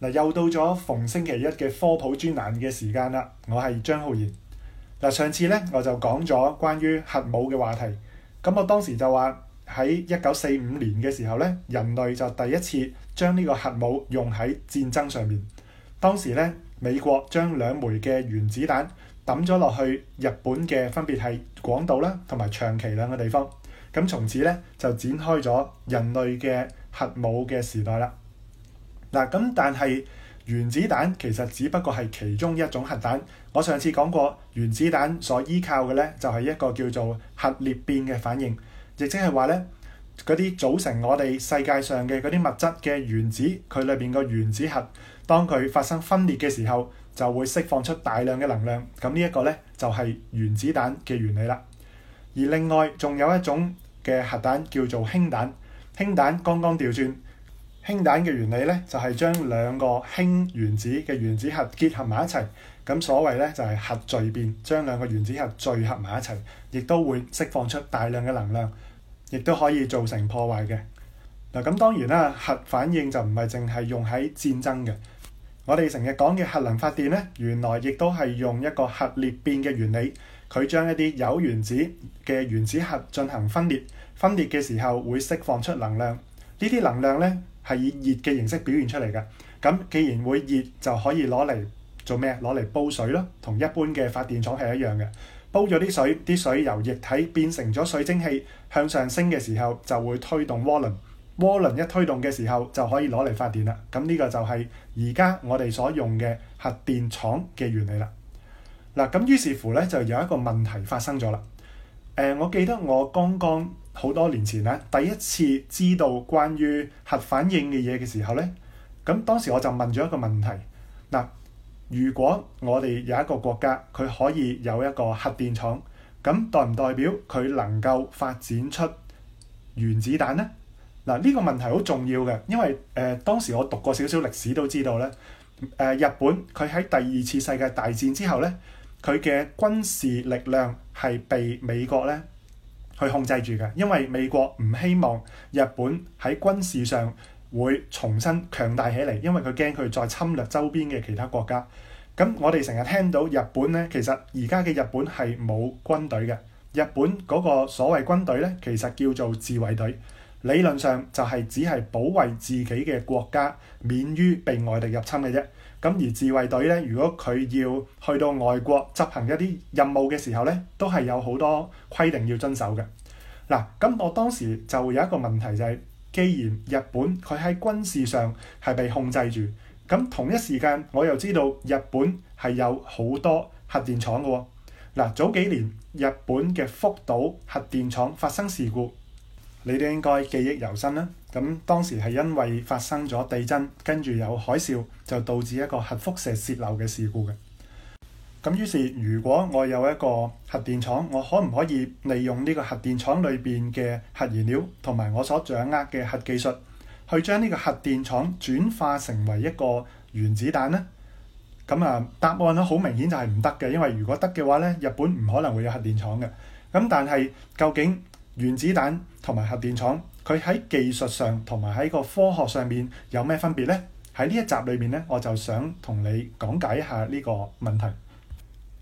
嗱，又到咗逢星期一嘅科普專欄嘅時間啦，我係張浩然。嗱，上次咧我就講咗關於核武嘅話題，咁我當時就話喺一九四五年嘅時候咧，人類就第一次將呢個核武用喺戰爭上面。當時咧，美國將兩枚嘅原子彈抌咗落去日本嘅分別係廣島啦同埋長崎兩個地方。咁從此咧就展開咗人類嘅核武嘅時代啦。嗱，咁但係原子彈其實只不過係其中一種核彈。我上次講過，原子彈所依靠嘅咧，就係一個叫做核裂變嘅反應，亦即係話咧，嗰啲組成我哋世界上嘅嗰啲物質嘅原子，佢裏邊個原子核當佢發生分裂嘅時候，就會釋放出大量嘅能量。咁呢一個咧，就係原子彈嘅原理啦。而另外仲有一種嘅核彈叫做氫彈，氫彈剛剛調轉。氫彈嘅原理咧，就係、是、將兩個氫原子嘅原子核結合埋一齊。咁所謂咧就係、是、核聚變，將兩個原子核聚合埋一齊，亦都會釋放出大量嘅能量，亦都可以造成破壞嘅。嗱，咁當然啦，核反應就唔係淨係用喺戰爭嘅。我哋成日講嘅核能發電咧，原來亦都係用一個核裂變嘅原理，佢將一啲有原子嘅原子核進行分裂，分裂嘅時候會釋放出能量。呢啲能量咧～係以熱嘅形式表現出嚟嘅，咁既然會熱，就可以攞嚟做咩？攞嚟煲水咯，同一般嘅發電廠係一樣嘅。煲咗啲水，啲水由液體變成咗水蒸氣，向上升嘅時候就會推動渦輪，渦輪一推動嘅時候就可以攞嚟發電啦。咁呢個就係而家我哋所用嘅核電廠嘅原理啦。嗱，咁於是乎呢就有一個問題發生咗啦。誒，我記得我剛剛。好多年前咧，第一次知道關於核反應嘅嘢嘅時候咧，咁當時我就問咗一個問題：嗱，如果我哋有一個國家，佢可以有一個核電廠，咁代唔代表佢能夠發展出原子彈呢？嗱，呢、這個問題好重要嘅，因為誒、呃、當時我讀過少少歷史都知道咧，誒、呃、日本佢喺第二次世界大戰之後咧，佢嘅軍事力量係被美國咧。去控制住嘅，因為美國唔希望日本喺軍事上會重新強大起嚟，因為佢驚佢再侵略周邊嘅其他國家。咁我哋成日聽到日本呢，其實而家嘅日本係冇軍隊嘅。日本嗰個所謂軍隊呢，其實叫做自衛隊，理論上就係只係保衛自己嘅國家，免於被外敵入侵嘅啫。咁而自衛隊咧，如果佢要去到外國執行一啲任務嘅時候咧，都係有好多規定要遵守嘅嗱。咁我當時就有一個問題就係，既然日本佢喺軍事上係被控制住，咁同一時間我又知道日本係有好多核電廠嘅喎嗱。早幾年日本嘅福島核電廠發生事故。你都應該記憶猶新啦。咁當時係因為發生咗地震，跟住有海嘯，就導致一個核輻射洩漏嘅事故嘅。咁於是，如果我有一個核電廠，我可唔可以利用呢個核電廠裏邊嘅核燃料同埋我所掌握嘅核技術，去將呢個核電廠轉化成為一個原子彈呢？咁啊，答案咧好明顯就係唔得嘅，因為如果得嘅話咧，日本唔可能會有核電廠嘅。咁但係究竟，原子彈同埋核電廠，佢喺技術上同埋喺個科學上面有咩分別呢？喺呢一集裏面咧，我就想同你講解一下呢個問題。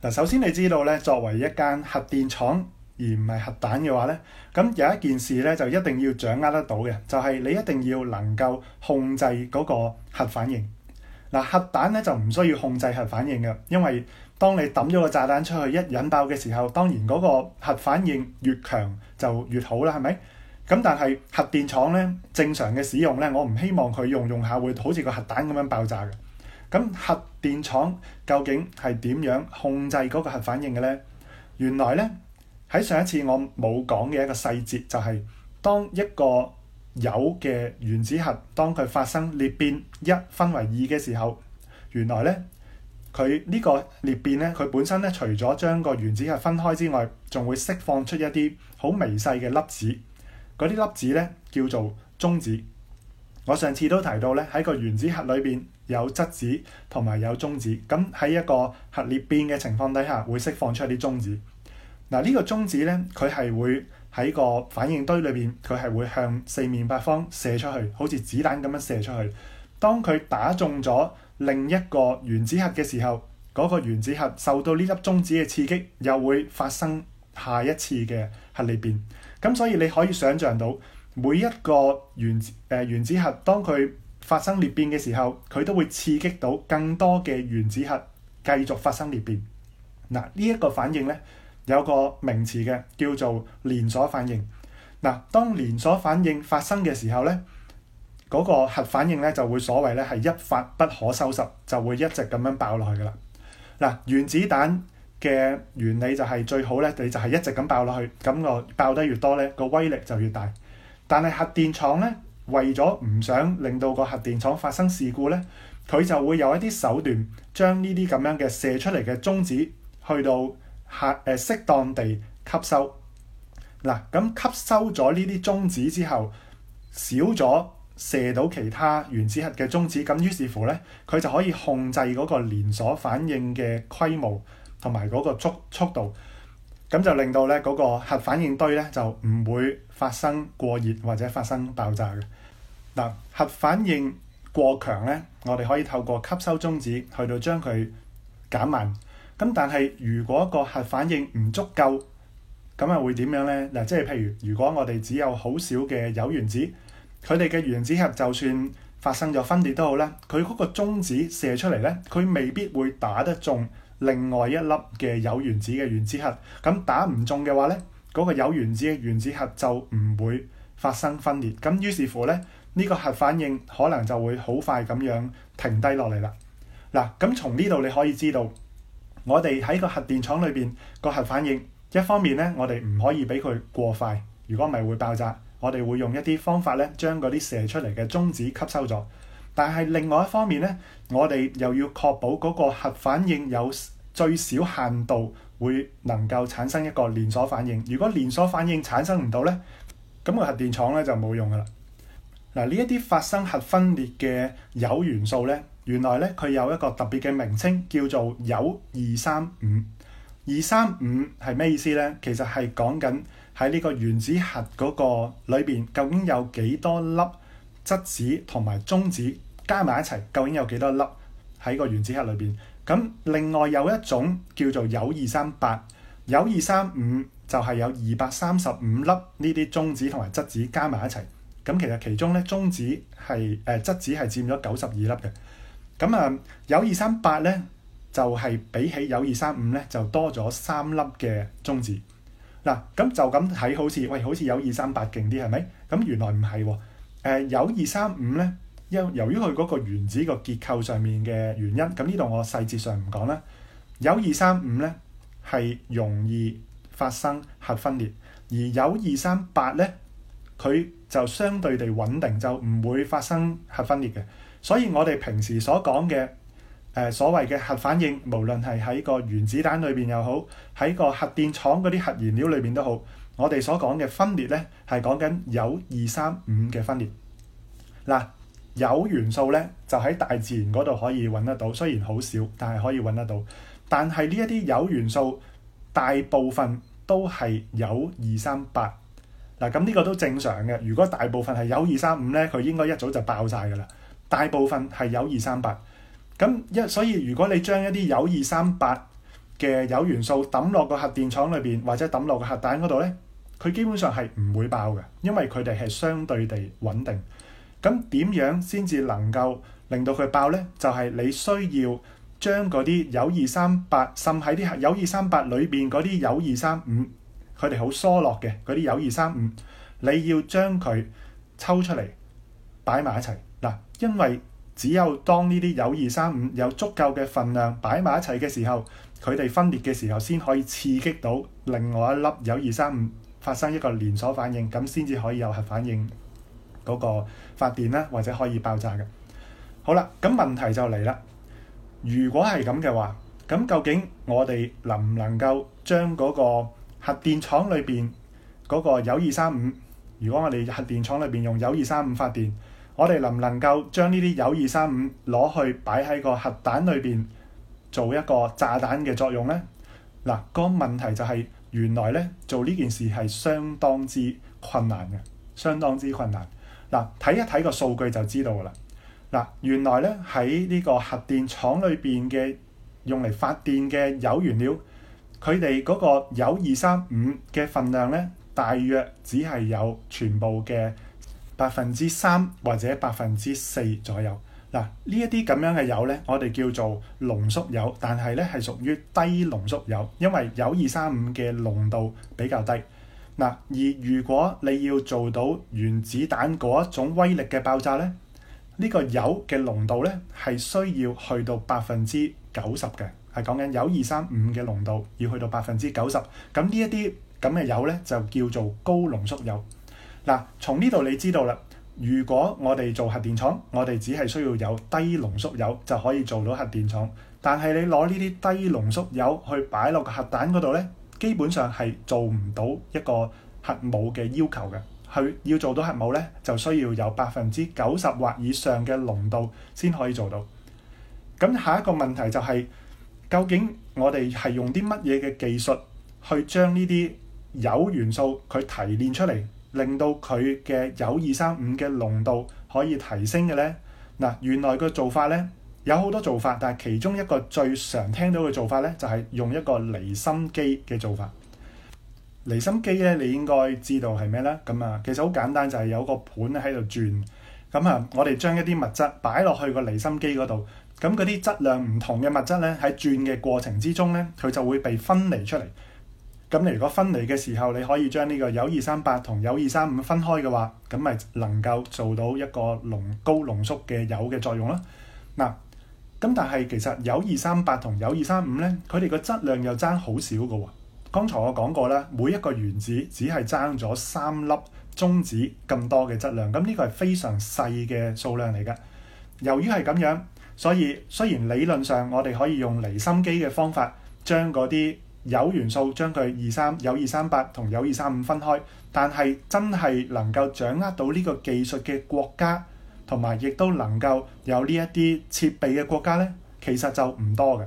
嗱，首先你知道咧，作為一間核電廠而唔係核彈嘅話咧，咁有一件事咧就一定要掌握得到嘅，就係你一定要能夠控制嗰個核反應。嗱，核彈咧就唔需要控制核反應嘅，因為當你抌咗個炸彈出去，一引爆嘅時候，當然嗰個核反應越強就越好啦，係咪？咁但係核電廠呢正常嘅使用呢，我唔希望佢用用下會好似個核彈咁樣爆炸嘅。咁核電廠究竟係點樣控制嗰個核反應嘅呢？原來呢，喺上一次我冇講嘅一個細節就係，當一個有嘅原子核，當佢發生裂變一分為二嘅時候，原來呢。佢呢個裂變咧，佢本身咧除咗將個原子核分開之外，仲會釋放出一啲好微細嘅粒子。嗰啲粒子咧叫做中子。我上次都提到咧，喺個原子核裏邊有質子同埋有中子。咁喺一個核裂變嘅情況底下，會釋放出一啲中子。嗱，呢個中子咧，佢係會喺個反應堆裏邊，佢係會向四面八方射出去，好似子彈咁樣射出去。當佢打中咗。另一個原子核嘅時候，嗰、那個原子核受到呢粒中子嘅刺激，又會發生下一次嘅核裂變。咁所以你可以想像到，每一個原子誒、呃、原子核當佢發生裂變嘅時候，佢都會刺激到更多嘅原子核繼續發生裂變。嗱，呢、這、一個反應呢，有個名詞嘅叫做連鎖反應。嗱，當連鎖反應發生嘅時候呢。嗰個核反應咧，就會所謂咧，係一發不可收拾，就會一直咁樣爆落去㗎啦。嗱、啊，原子彈嘅原理就係最好咧，你就係一直咁爆落去，咁、那個爆得越多咧，個威力就越大。但係核電廠咧，為咗唔想令到個核電廠發生事故咧，佢就會有一啲手段將呢啲咁樣嘅射出嚟嘅中子去到核誒適當地吸收。嗱、啊，咁吸收咗呢啲中子之後，少咗。射到其他原子核嘅中子，咁於是乎呢，佢就可以控制嗰個連鎖反應嘅規模同埋嗰個速速度，咁就令到咧嗰、那個核反應堆呢，就唔會發生過熱或者發生爆炸嘅。嗱、呃，核反應過強呢，我哋可以透過吸收中子去到將佢減慢。咁但係如果個核反應唔足夠，咁又會點樣呢？嗱、呃，即係譬如如果我哋只有好少嘅鈾原子。佢哋嘅原子核就算發生咗分裂都好啦。佢嗰個中子射出嚟呢，佢未必會打得中另外一粒嘅有原子嘅原子核。咁打唔中嘅話呢，嗰個有原子嘅原子核就唔會發生分裂。咁於是乎咧，呢個核反應可能就會好快咁樣停低落嚟啦。嗱，咁從呢度你可以知道，我哋喺個核電廠裏邊個核反應，一方面呢，我哋唔可以俾佢過快，如果唔係會爆炸。我哋會用一啲方法咧，將嗰啲射出嚟嘅中子吸收咗。但係另外一方面咧，我哋又要確保嗰個核反應有最少限度會能夠產生一個連鎖反應。如果連鎖反應產生唔到咧，咁個核電廠咧就冇用噶啦。嗱，呢一啲發生核分裂嘅鈾元素咧，原來咧佢有一個特別嘅名稱，叫做鈾二三五。二三五係咩意思咧？其實係講緊喺呢個原子核嗰個裏邊，究竟有幾多粒質子同埋中子加埋一齊，究竟有幾多粒喺個原子核裏邊？咁另外有一種叫做有二三八，有二三五就係有二百三十五粒呢啲中子同埋質子加埋一齊。咁其實其中咧，中子係誒、呃、質子係佔咗九十二粒嘅。咁啊、呃，有二三八咧。就係比起有二三五咧，就多咗三粒嘅中子。嗱、啊，咁就咁睇好似，喂，好似有二三八勁啲，係咪？咁原來唔係喎。誒，有二三五咧，因由於佢嗰個原子個結構上面嘅原因，咁呢度我細節上唔講啦。有二三五咧係容易發生核分裂，而有二三八咧，佢就相對地穩定，就唔會發生核分裂嘅。所以我哋平時所講嘅。誒，所謂嘅核反應，無論係喺個原子彈裏邊又好，喺個核電廠嗰啲核燃料裏邊都好，我哋所講嘅分裂咧，係講緊鈾二三五嘅分裂。嗱，鈾元素咧就喺大自然嗰度可以揾得到，雖然好少，但係可以揾得到。但係呢一啲鈾元素，大部分都係鈾二三八。嗱，咁呢個都正常嘅。如果大部分係鈾二三五咧，佢應該一早就爆晒㗎啦。大部分係鈾二三八。咁一所以，如果你將一啲有二三八嘅有元素抌落個核電廠裏邊，或者抌落個核彈嗰度咧，佢基本上係唔會爆嘅，因為佢哋係相對地穩定。咁點樣先至能夠令到佢爆咧？就係你需要將嗰啲有二三八，滲喺啲有二三八裏邊嗰啲有二三五，佢哋好疏落嘅嗰啲有二三五，你要將佢抽出嚟擺埋一齊，嗱，因為只有當呢啲鈾二三五有足夠嘅份量擺埋一齊嘅時候，佢哋分裂嘅時候先可以刺激到另外一粒鈾二三五發生一個連鎖反應，咁先至可以有核反應嗰個發電啦，或者可以爆炸嘅。好啦，咁問題就嚟啦。如果係咁嘅話，咁究竟我哋能唔能夠將嗰個核電廠裏邊嗰個鈾二三五？如果我哋核電廠裏邊用鈾二三五發電？我哋能唔能夠將呢啲鈾二三五攞去擺喺個核彈裏邊，做一個炸彈嘅作用呢？嗱、那，個問題就係原來呢做呢件事係相當之困難嘅，相當之困難。嗱，睇一睇個數據就知道㗎啦。嗱，原來呢喺呢個核電廠裏邊嘅用嚟發電嘅鈾原料，佢哋嗰個鈾二三五嘅份量呢，大約只係有全部嘅百分之三或者百分之四左右，嗱呢一啲咁樣嘅鈾咧，我哋叫做濃縮鈾，但係咧係屬於低濃縮鈾，因為鈾二三五嘅濃度比較低。嗱，而如果你要做到原子彈嗰一種威力嘅爆炸咧，呢個鈾嘅濃度咧係需要去到百分之九十嘅，係講緊鈾二三五嘅濃度要去到百分之九十。咁呢一啲咁嘅鈾咧就叫做高濃縮鈾。嗱，從呢度你知道啦。如果我哋做核電廠，我哋只係需要有低濃縮鈾就可以做到核電廠。但係你攞呢啲低濃縮鈾去擺落個核彈嗰度咧，基本上係做唔到一個核武嘅要求嘅。佢要做到核武咧，就需要有百分之九十或以上嘅濃度先可以做到。咁下一個問題就係，究竟我哋係用啲乜嘢嘅技術去將呢啲鈾元素佢提煉出嚟？令到佢嘅有二三五嘅濃度可以提升嘅呢。嗱，原來個做法呢，有好多做法，但係其中一個最常聽到嘅做法呢，就係用一個離心機嘅做法。離心機呢，你應該知道係咩呢？咁啊，其實好簡單，就係有個盤喺度轉，咁啊，我哋將一啲物質擺落去個離心機嗰度，咁嗰啲質量唔同嘅物質呢，喺轉嘅過程之中呢，佢就會被分離出嚟。咁你如果分離嘅時候，你可以將呢個鈾二三八同鈾二三五分開嘅話，咁咪能夠做到一個濃高濃縮嘅鈾嘅作用囉。嗱，咁但係其實鈾二三八同鈾二三五咧，佢哋個質量又爭好少㗎。剛才我講過啦，每一個原子只係爭咗三粒中子咁多嘅質量，咁呢個係非常細嘅數量嚟嘅。由於係咁樣，所以雖然理論上我哋可以用離心機嘅方法將嗰啲鈾元素將佢二三鈾二三八同鈾二三五分開，但係真係能夠掌握到呢個技術嘅國家，同埋亦都能夠有呢一啲設備嘅國家呢，其實就唔多嘅。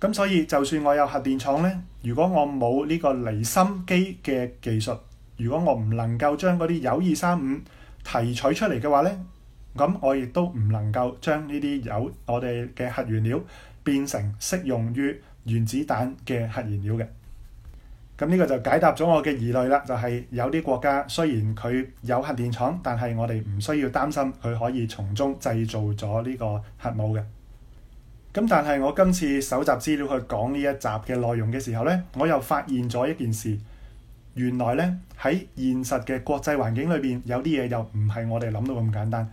咁所以就算我有核電廠呢，如果我冇呢個離心機嘅技術，如果我唔能夠將嗰啲鈾二三五提取出嚟嘅話呢，咁我亦都唔能夠將呢啲鈾我哋嘅核原料變成適用於。原子彈嘅核燃料嘅，咁呢個就解答咗我嘅疑慮啦。就係有啲國家雖然佢有核電廠，但係我哋唔需要擔心佢可以從中製造咗呢個核武嘅。咁但係我今次搜集資料去講呢一集嘅內容嘅時候呢，我又發現咗一件事，原來呢喺現實嘅國際環境裏邊，有啲嘢又唔係我哋諗到咁簡單。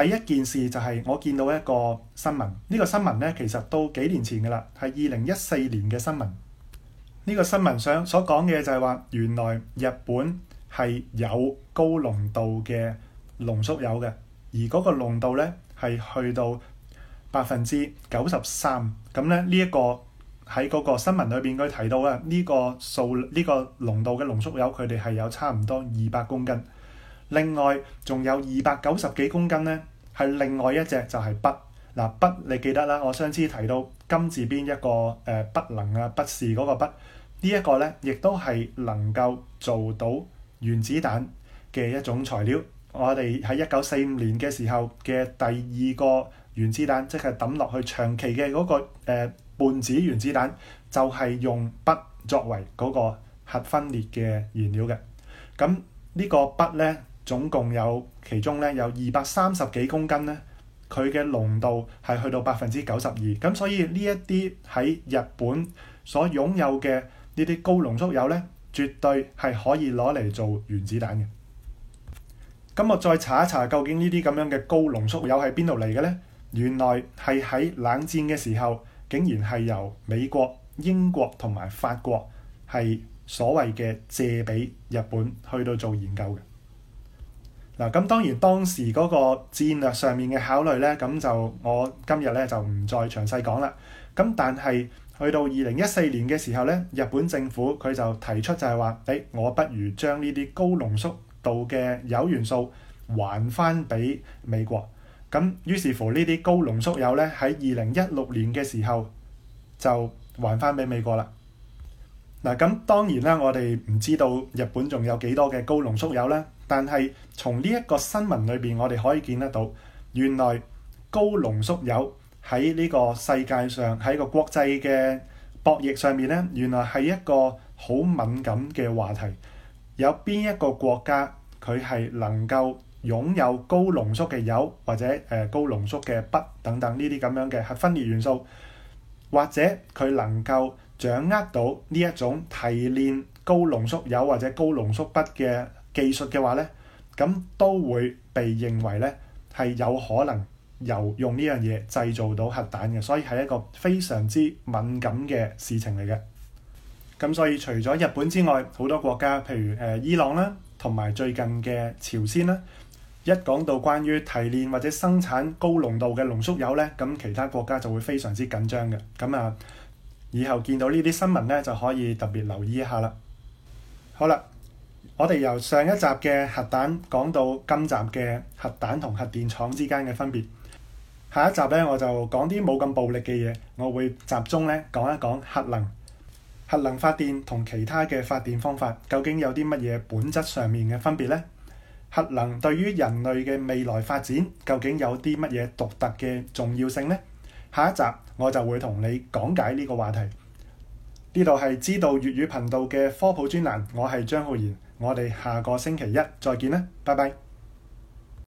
第一件事就係我見到一個新聞，呢個新聞咧，其實都幾年前嘅啦，係二零一四年嘅新聞。呢個新聞上所講嘅就係話，原來日本係有高濃度嘅濃縮鈾嘅，而嗰個濃度咧係去到百分之九十三。咁咧呢一個喺嗰個新聞裏邊佢提到咧，呢個數呢個濃度嘅濃縮鈾佢哋係有差唔多二百公斤，另外仲有二百九十幾公斤咧。係另外一隻就係鈈嗱，鈈你記得啦，我上次提到金字邊一個誒不能啊，不是嗰個不呢一個咧，亦都係能夠做到原子彈嘅一種材料。我哋喺一九四五年嘅時候嘅第二個原子彈，即係抌落去長崎嘅嗰個誒胖子原子彈，就係用鈈作為嗰個核分裂嘅原料嘅。咁呢個鈈咧？總共有其中咧有二百三十幾公斤咧，佢嘅濃度係去到百分之九十二。咁所以呢一啲喺日本所擁有嘅呢啲高濃縮鈾咧，絕對係可以攞嚟做原子彈嘅。咁我再查一查，究竟呢啲咁樣嘅高濃縮鈾喺邊度嚟嘅咧？原來係喺冷戰嘅時候，竟然係由美國、英國同埋法國係所謂嘅借俾日本去到做研究嘅。嗱，咁當然當時嗰個戰略上面嘅考慮咧，咁就我今日咧就唔再詳細講啦。咁但係去到二零一四年嘅時候咧，日本政府佢就提出就係話：誒，我不如將呢啲高濃縮度嘅鈾元素還翻俾美國。咁於是乎呢啲高濃縮鈾咧喺二零一六年嘅時候就還翻俾美國啦。嗱，咁當然啦，我哋唔知道日本仲有幾多嘅高濃縮鈾咧。但係從呢一個新聞裏邊，我哋可以見得到，原來高濃縮鈾喺呢個世界上，喺個國際嘅博弈上面，呢原來係一個好敏感嘅話題。有邊一個國家，佢係能夠擁有高濃縮嘅鈾或者誒高濃縮嘅鈈等等呢啲咁樣嘅核分裂元素，或者佢能夠掌握到呢一種提煉高濃縮鈾或者高濃縮鈈嘅技術嘅話咧，咁都會被認為咧係有可能由用呢樣嘢製造到核彈嘅，所以係一個非常之敏感嘅事情嚟嘅。咁所以除咗日本之外，好多國家，譬如誒伊朗啦，同埋最近嘅朝鮮啦，一講到關於提煉或者生產高濃度嘅濃縮鈾咧，咁其他國家就會非常之緊張嘅。咁啊，以後見到呢啲新聞咧，就可以特別留意一下啦。好啦。我哋由上一集嘅核彈講到今集嘅核彈同核電廠之間嘅分別。下一集咧，我就講啲冇咁暴力嘅嘢。我會集中咧講一講核能、核能發電同其他嘅發電方法，究竟有啲乜嘢本質上面嘅分別呢？核能對於人類嘅未來發展究竟有啲乜嘢獨特嘅重要性呢？下一集我就會同你講解呢個話題。呢度係知道粵語頻道嘅科普專欄，我係張浩然。我哋下個星期一再見啦，拜拜。